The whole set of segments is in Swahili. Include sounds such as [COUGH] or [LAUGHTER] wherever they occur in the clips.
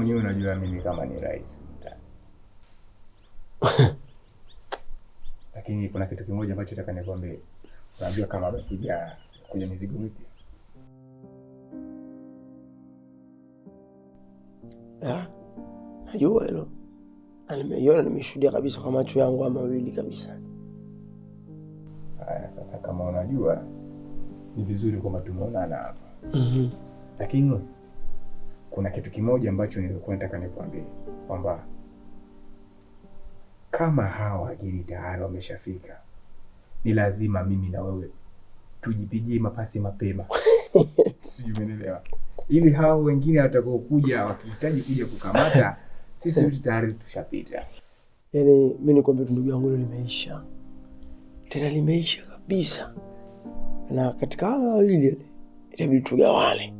wewe mwenyewe unajua mimi kama ni rais [LAUGHS] lakini kuna kitu kimoja ambacho nataka nikwambie. Unajua kama amekuja kwenye mizigo mipya najua hilo na nimeiona, nimeshuhudia kabisa kwa macho yangu ama mawili kabisa. Haya, sasa kama unajua ni vizuri kwamba tumeonana hapa, mhm. lakini kuna kitu kimoja ambacho nilikuwa nataka nikwambie kwamba kama hawa wageni tayari wameshafika, ni lazima mimi na wewe tujipigie mapasi mapema [LAUGHS] sijui umeelewa, ili hao wengine watakaokuja wakihitaji kuja kukamata sisi wote [LAUGHS] tayari tushapita. Yani mi nikwambia tu ndugu yangu, limeisha tena, limeisha kabisa. Na katika hali ile itabidi tugawane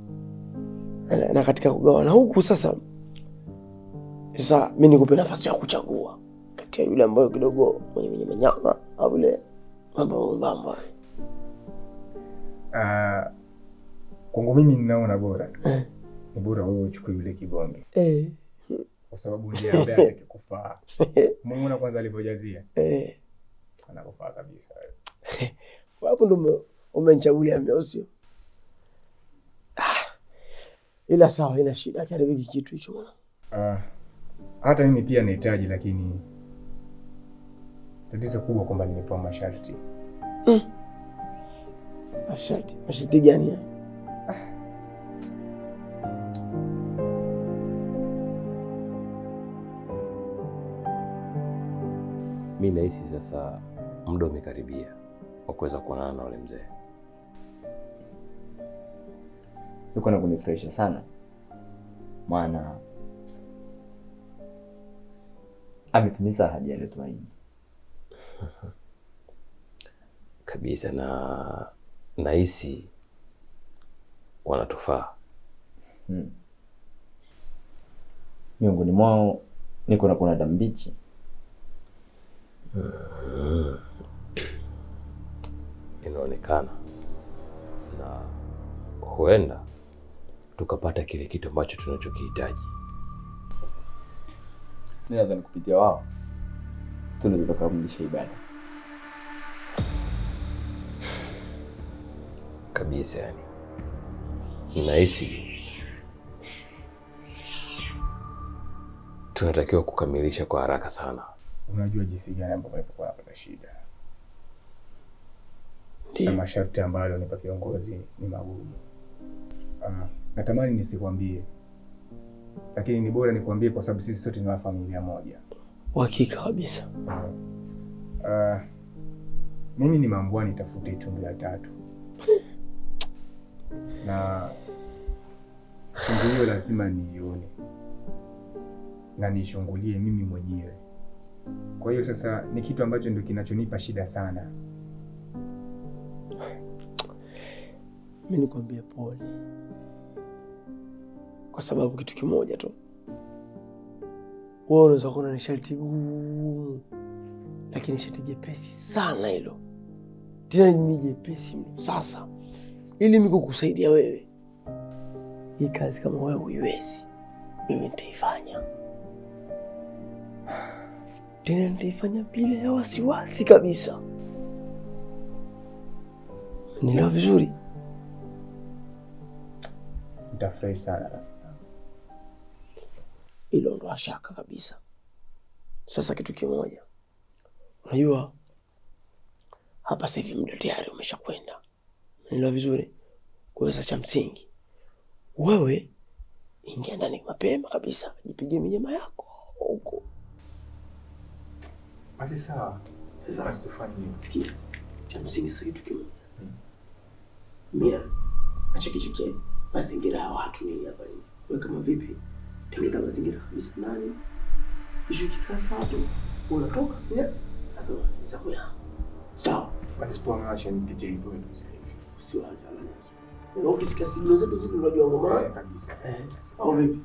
na, na katika kugawana huku sasa, sasa mi nikupe nafasi ya kuchagua kati ya yule ambayo kidogo mwenye mwenye manyama au yule mbambambamba. Uh, ah, kwangu mimi ninaona bora eh, ni bora wewe uchukue yule kibonge eh, kwa sababu ndiye ambaye atakufaa. [LAUGHS] Mungu na kwanza alivyojazia eh, anakufaa kabisa [LAUGHS] hapo. Ndo umenichagulia mimi, sio? ila sawa, ina shida, karibiki kitu hicho bwana. Ah, hata mimi pia nahitaji, lakini tatizo kubwa kwamba nimepewa masharti. Mm. Masharti, masharti gani? Ah. Mi nahisi sasa muda umekaribia wa kuweza kuonana na ule mzee. yuko na kunifurahisha sana, maana ametimiza ahadi yale [LAUGHS] kabisa, na nahisi wanatufaa hmm. Miongoni mwao niko na kuna damu mbichi hmm. [CLEARS THROAT] Inaonekana na huenda tukapata kile kitu ambacho tunachokihitaji. Mimi nadhani kupitia wao tunaweza kukamilisha ibada kabisa. Yani nahisi tunatakiwa kukamilisha kwa haraka sana. Unajua jinsi gani ambavyo nilikuwa napata shida na masharti ambayo nipa kiongozi ni magumu. Natamani nisikwambie, lakini ni bora nikwambie kwa sababu sisi sote ni wa familia moja. Hakika kabisa. Uh, mimi ni mambwa, nitafute tundu la tatu [LAUGHS] na tundu hiyo lazima niione na nishungulie mimi mwenyewe. Kwa hiyo sasa ni kitu ambacho ndio kinachonipa shida sana. Mimi nikwambie pole kwa sababu kitu kimoja tu, wewe unaweza kuona ni sharti gumu, lakini sharti jepesi sana hilo, tena ni jepesi mno. Sasa ili miko kusaidia wewe, hii kazi kama wewe huiwezi, mimi nitaifanya tena nitaifanya bila ya wasiwasi kabisa. Nielewa vizuri? Nitafurahi sana. Hilo ndo shaka kabisa. Sasa kitu kimoja, unajua hapa sasa hivi muda tayari umeshakwenda, nilo vizuri. Kwa hiyo cha msingi wewe ingia ndani mapema kabisa, jipige minyama yako huko. Basi sawa, sasa basi tufanye sikia, cha msingi sasa kitu kimoja, hmm. mimi kichukie mazingira ya watu hapa. hivi. Wewe kama vipi? tengeza mazingira kabisa ndani, ishukikaa sawa tu unatoka sawa sawa. Yaani, ukisikia sigilo zetu zile unajua ngoma eh, kabisa, au vipi?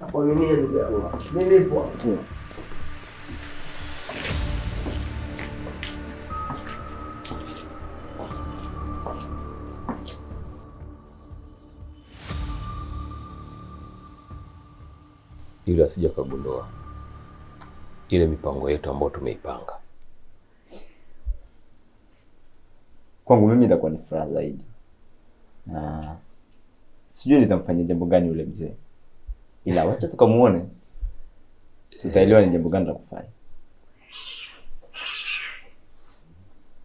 Nakuaminia ndugu yangu, mimi nipo. ili asije kagundua ile mipango yetu ambayo tumeipanga. Kwangu mimi itakuwa ni furaha zaidi, na sijui nitamfanyia jambo gani yule mzee, ila wacha tukamuone, tutaelewa ni jambo gani la kufanya.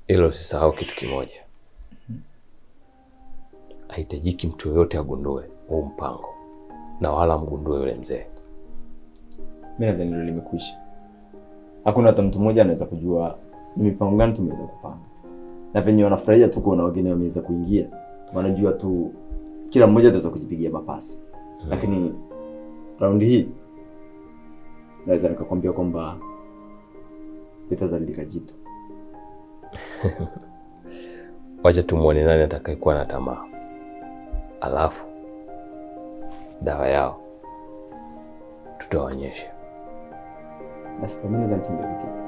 Ila usisahau kitu kimoja, haitajiki mtu yoyote agundue huu mpango na wala mgundue yule mzee mimi nadhani ndio limekwisha. Hakuna hata mtu mmoja anaweza kujua ni mipango gani tumeweza kupanga, na venye wanafurahia tu kuona wageni wameweza kuingia, wanajua tu kila mmoja ataweza kujipigia mapasi hmm. Lakini raundi hii naweza nikakwambia kwamba litazalilika jitu. [LAUGHS] Wacha tumwone nani atakayekuwa na tamaa, alafu dawa yao tutaonyesha na siku nyingine za mtindo pekee.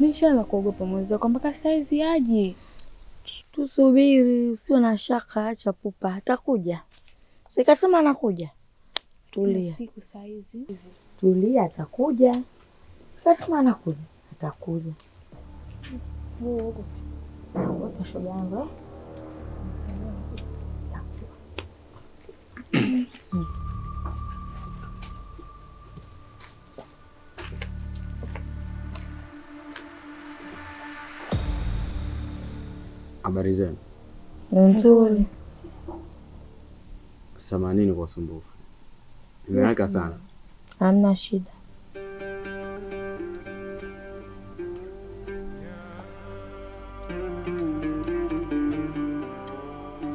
Nishaanza kuogopa mwenzako mpaka saizi aje. Tusubiri, sio na shaka, acha pupa, atakuja. Sikasema anakuja. Tulia. Siku saizi. Tulia, atakuja. Sikasema anakuja, atakuja. Shoga yangu. Habari zenu? Nzuri. Samanini kwa usumbufu. Nimeweka sana. Hamna shida.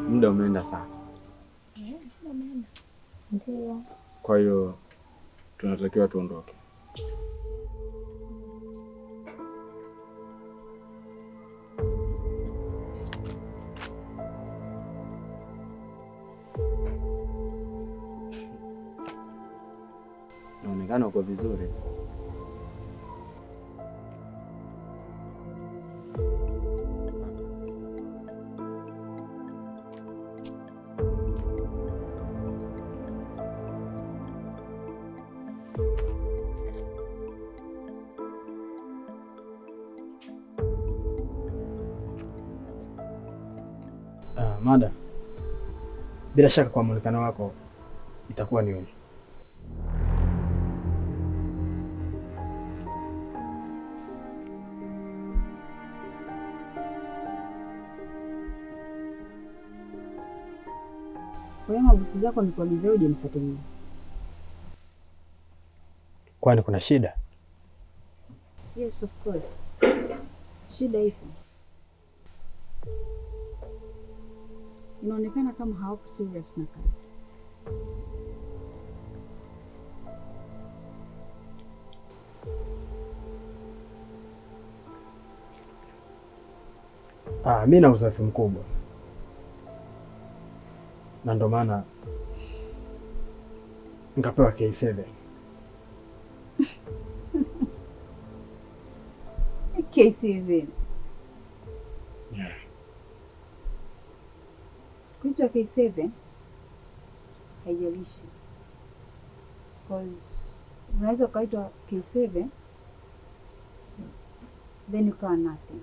Muda umeenda sana. Kwa hiyo tunatakiwa tuondoke. Inaonekana uko vizuri. Ah, Mada, bila shaka kwa mwonekano wako itakuwa ni wewe. rafiki zako nikuagizia uje mkate mimi. Kwani kuna shida? Yes, of course. Shida ipo. Inaonekana kama hawako serious na kazi. Ah, mimi na usafi mkubwa na ndo maana nikapewa K7. [LAUGHS] K7 yeah. Kuitwa K7 haijalishi, cause unaweza ukaitwa K7 then ukawa nothing.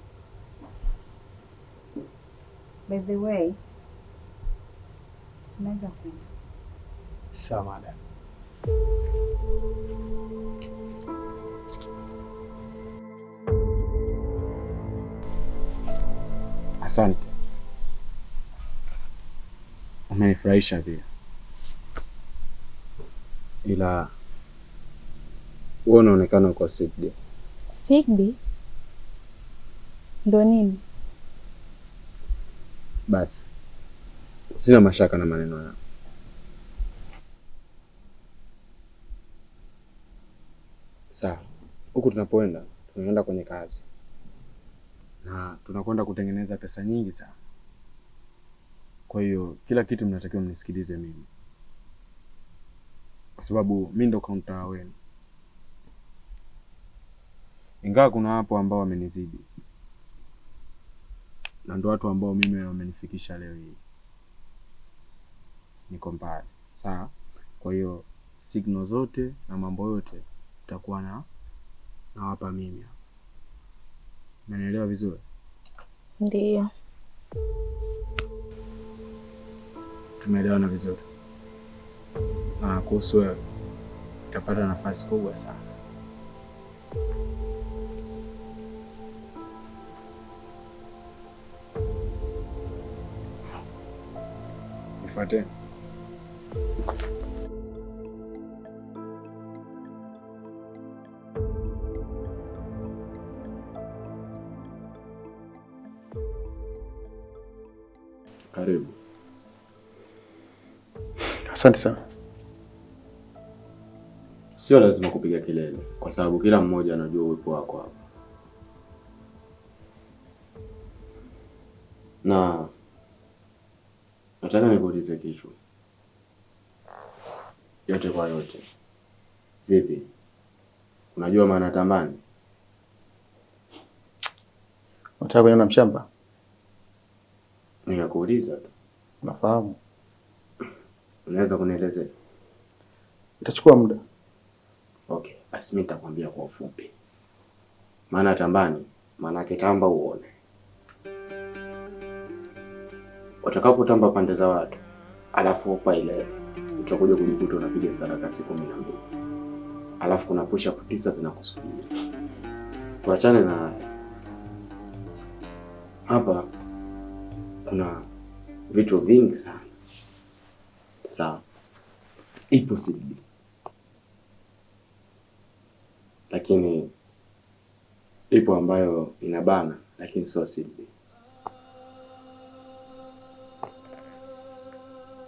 By the way naweza kuja. Sawa madam. Asante, umenifurahisha pia, ila wewe unaonekana uko sigdi. Sigdi ndo nini? Basi Sina mashaka na maneno yako. Sawa, huku tunapoenda tunaenda kwenye kazi na tunakwenda kutengeneza pesa nyingi sana. Kwa hiyo kila kitu mnatakiwa mnisikilize mimi, kwa sababu mi ndo kaunta wenu, ingawa kuna wapo ambao wamenizidi na ndo watu ambao mimi wamenifikisha leo hii niko mbali. Sawa? Kwa hiyo signal zote na mambo yote itakuwa na nawapa mimi. naelewa vizuri? Ndiyo. Tumeelewana vizuri. Na kuhusu wewe utapata nafasi kubwa sana. Nifuate. Karibu. Asante sana. Sio lazima kupiga kelele kwa sababu kila mmoja anajua uwepo wako hapa. Na nataka nikuulize kitu yote kwa yote. Vipi, unajua maana tambani? Unataka kuniona mshamba? Ninakuuliza tu. Unafahamu? Unaweza kunielezea? Itachukua muda. Okay, basi mimi nitakwambia kwa ufupi maana tambani, yake tamba uone. watakapotamba pande za watu alafu ile utakuja kujikuta unapiga sadaka siku mia mbili alafu kuna up tisa zinakusubiri. Tuachane na Hapa kuna vitu vingi sana. Sawa, ipo CBD lakini ipo ambayo inabana, lakini sio CBD.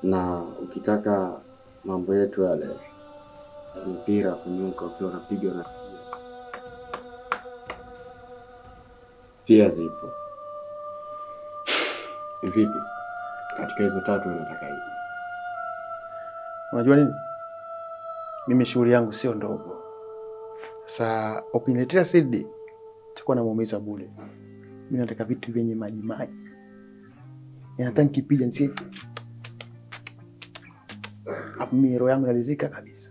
na ukitaka mambo yetu yale mpira kunyuka ukiwa unapiga na pia zipo. [SIGHS] Vipi katika hizo tatu unataka ipi? Unajua nini, mimi shughuli yangu sio ndogo. Sasa ukiniletea sidi na muumiza bule Mimi nataka vitu vyenye maji maji, yaani nataka nikipija nsi hapo mimi roho yangu inaridhika kabisa.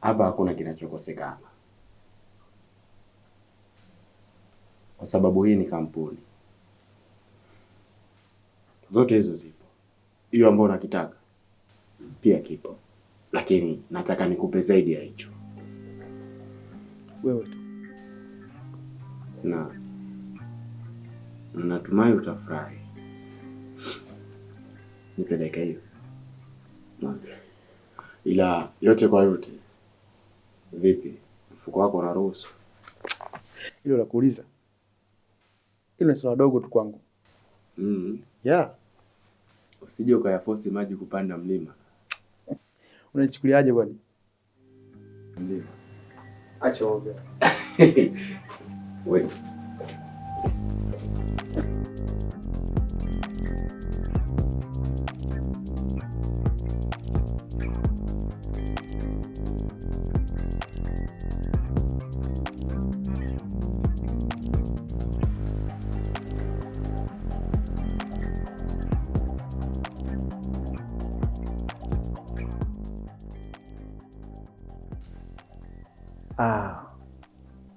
Hapa hakuna kinachokosekana, kwa sababu hii ni kampuni, zote hizo zipo. Hiyo ambayo unakitaka pia kipo, lakini nataka nikupe zaidi ya hicho. Wewe tu na natumai utafurahi nipeleke hiyo. Okay. Ila yote kwa yote, vipi, mfuko wako unaruhusu hilo la kuuliza? Hilo ni swala dogo tu kwangu. mm. yeah. Usije ukayafosi maji kupanda mlima. Unachukuliaje kwani? Ndio. Acha wewe. [LAUGHS] Wait.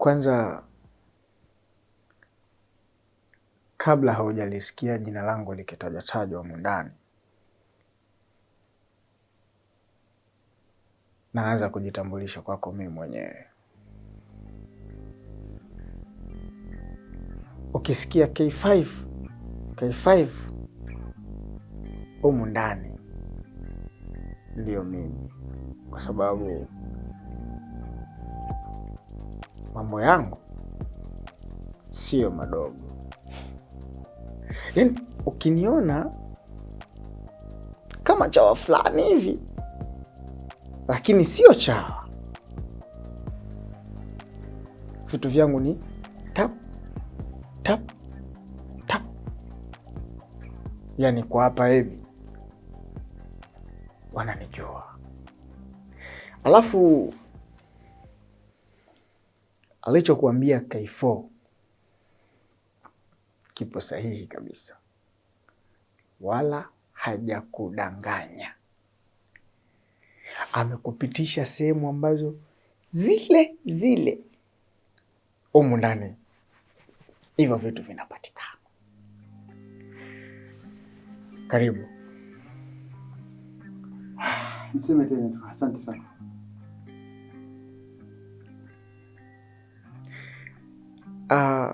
Kwanza kabla haujalisikia jina langu likitajatajwa humu ndani, naanza kujitambulisha kwako mimi mwenyewe. Ukisikia K5 K5 humu ndani, ndiyo mimi, kwa sababu mambo yangu sio madogo. Yaani ukiniona kama chawa fulani hivi, lakini sio chawa. Vitu vyangu ni tap tap tap, yaani kwa hapa hivi wananijua, alafu alichokuambia Kaifo kipo sahihi kabisa, wala hajakudanganya. Amekupitisha sehemu ambazo zile zile humu ndani hivyo vitu vinapatikana. Karibu. [SIGHS] Niseme tena, asante sana. Uh,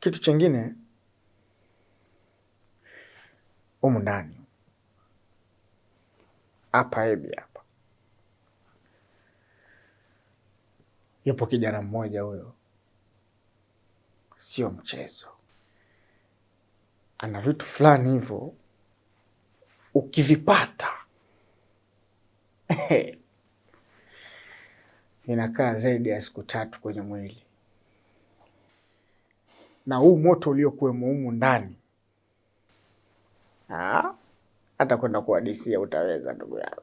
kitu chingine humu ndani hapa ebi hapa yupo kijana mmoja, huyo sio mchezo, ana vitu fulani hivyo ukivipata [LAUGHS] inakaa zaidi ya siku tatu kwenye mwili na huu moto uliokuwemo humu ndani, ah, hata kwenda kuhadisia utaweza, ndugu yangu?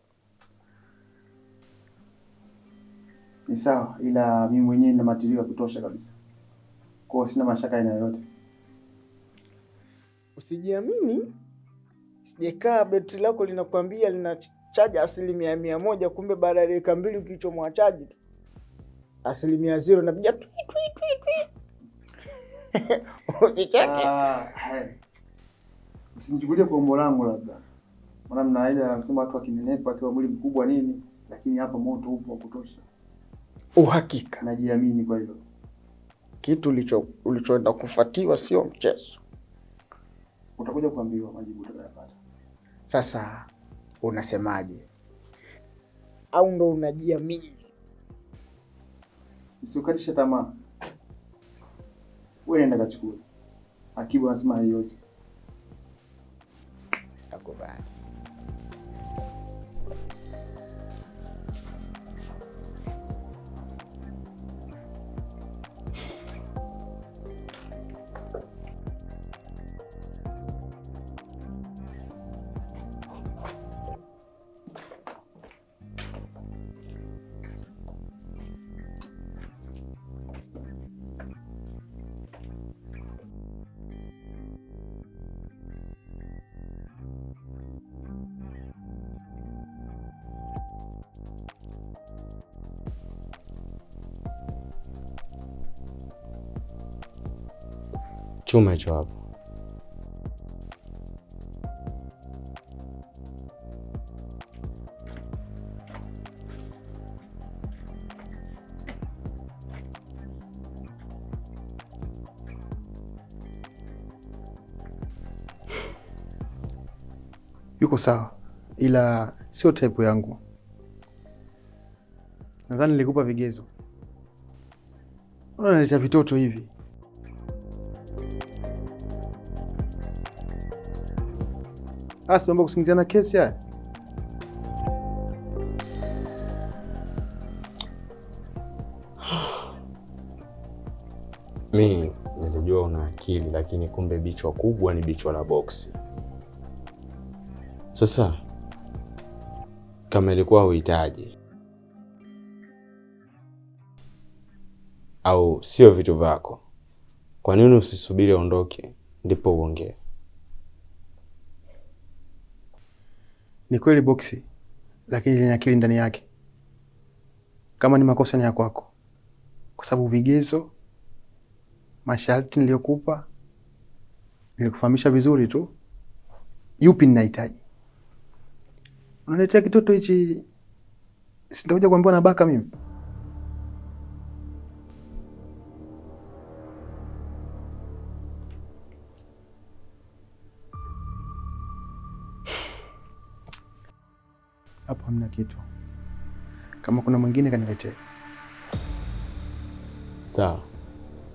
Ni sawa, ila mimi mwenyewe nina matirio ya kutosha kabisa, kwa sina mashaka aina yoyote. Usijiamini, sijekaa betri lako linakwambia lina chaja asilimia mia moja, kumbe baada ya dakika mbili ukichomwa chaji asilimia zero, napiga twi twi twi [LAUGHS] Usicheke. Usinichukulie ah, kwa umbo langu labda. Maana mna ile anasema watu wakinenepa kwa mwili mkubwa nini, lakini hapa moto upo wa kutosha. Uhakika. Najiamini kwa hilo. Kitu ulicho ulichoenda kufuatiwa sio mchezo. Utakuja kuambiwa majibu utakayopata. Sasa unasemaje? Au ndo unajiamini? Usikatishe tamaa wewe nenda kachukua. Akibu anasema yosi. chuma hicho hapo. Yuko sawa, ila sio type yangu. Nadhani nilikupa vigezo, unaleta vitoto hivi. Asi mambo kusingiziana kesi haya. [SIGHS] Mi nilijua una akili lakini kumbe bichwa kubwa ni bichwa la boksi. Sasa kama ilikuwa uhitaji au sio vitu vyako, kwa nini usisubiri aondoke ndipo uongee? Ni kweli boksi, lakini lenye akili ndani yake. Kama ni makosa ni ya kwako, kwa sababu vigezo, masharti niliyokupa nilikufahamisha vizuri tu yupi ninahitaji. Unaletea kitoto hichi, sitakuja kuambiwa na baka mimi. hapo hamna kitu. Kama kuna mwingine kaniletee. Sawa,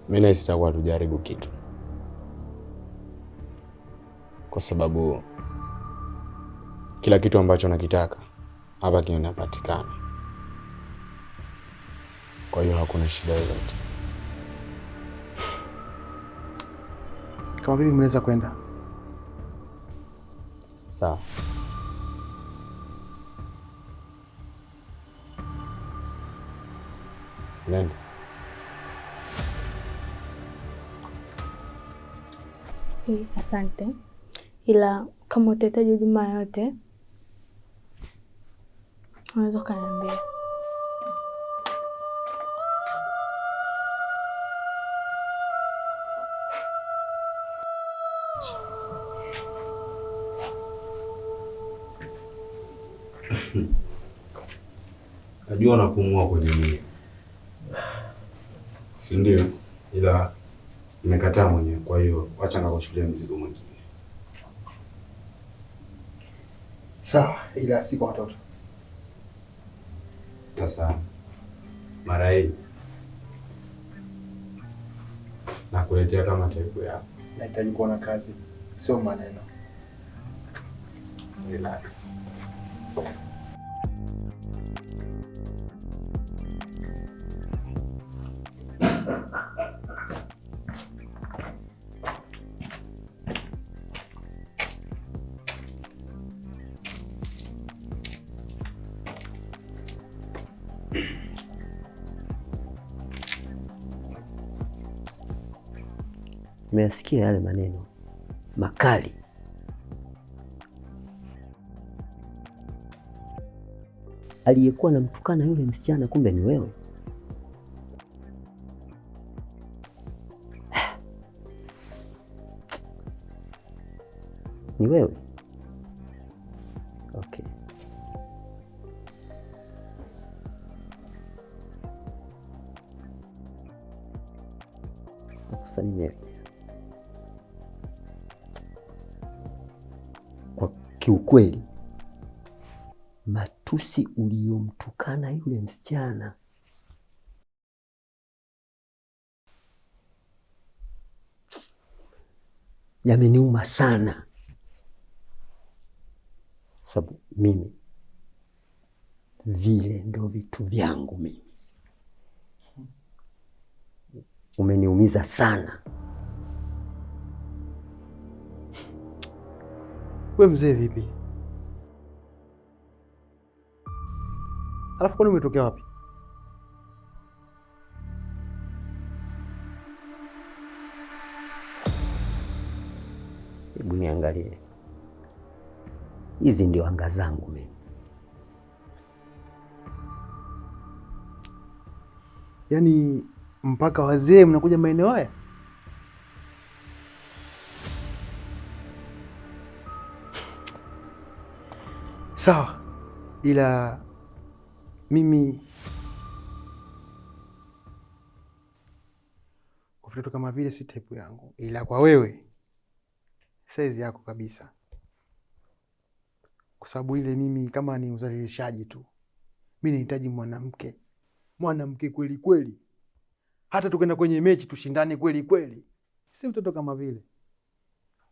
mimi na sitakuwa tujaribu kitu, kwa sababu kila kitu ambacho nakitaka hapa kinapatikana. Kwa hiyo hakuna shida yoyote. Kama vipi mnaweza kwenda? Sawa. Nani? Hii, asante, ila kama utahitaji huduma yoyote unaweza ukaniambia. Najua unapumua kwenye mia si ndio? Ila nimekataa mwenyewe, kwa hiyo wacha nikakushukulia mzigo mwingine. Sawa, ila si kwa watoto. Sasa mara hii nakuletea kama taipu yako, nahitaji kuona kazi, sio maneno. Relax. Nimeyasikia yale maneno makali. Aliyekuwa anamtukana yule msichana kumbe ni wewe. kiukweli, matusi uliyomtukana yule msichana yameniuma sana, sababu mimi vile ndo vitu vyangu mimi. Umeniumiza sana. We mzee, vipi? Alafu kwani umetokea wapi? Hebu niangalie, hizi ndio anga zangu mimi. Yaani mpaka wazee mnakuja maeneo haya? sawa, ila mimi vitu kama vile si type yangu, ila kwa wewe size yako kabisa, kwa sababu ile mimi kama ni uzalishaji tu, mi nahitaji mwanamke mwanamke kweli kweli, hata tukenda kwenye mechi tushindane kweli kweli, si mtoto kama vile.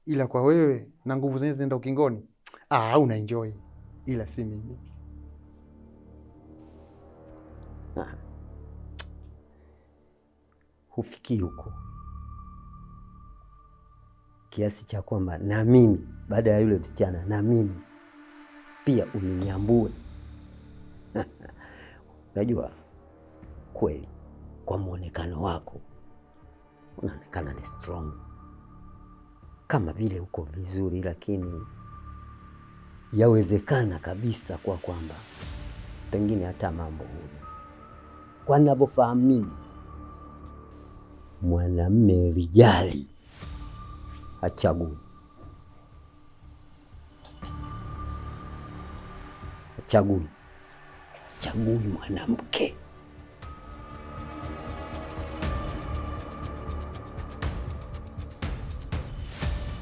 Ila kwa wewe na nguvu zenyewe zinaenda ukingoni, ah, enjoy ila si mimi. Ah. Hufikii huko kiasi cha kwamba na mimi baada ya yule msichana na mimi pia uninyambue. [LAUGHS] Unajua kweli, kwa mwonekano wako unaonekana ni strong, kama vile uko vizuri, lakini yawezekana kabisa kwa kwamba pengine hata mambo huyo, kwa ninavyofahamu mimi, mwanamme rijali achagui achagui achagui mwanamke.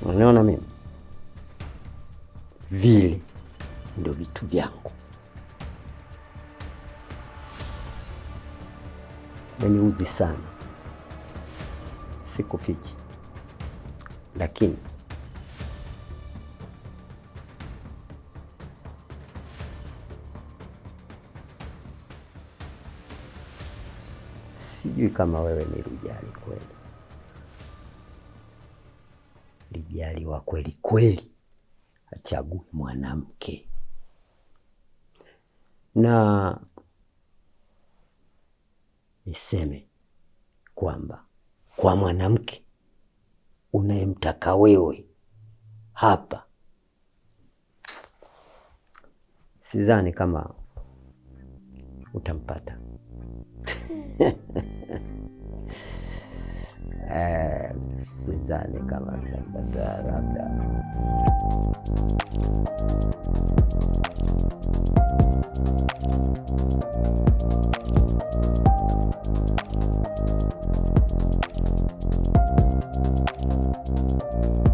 Unaona mimi vile ndio vitu vyangu. Naniudhi sana, sikufichi, lakini sijui kama wewe ni lijali kweli, lijali wa kweli kweli achague mwanamke. Na niseme kwamba kwa mwanamke unayemtaka wewe hapa, sidhani kama utampata. [LAUGHS] Eh. sizani kamarda bagarabda Thank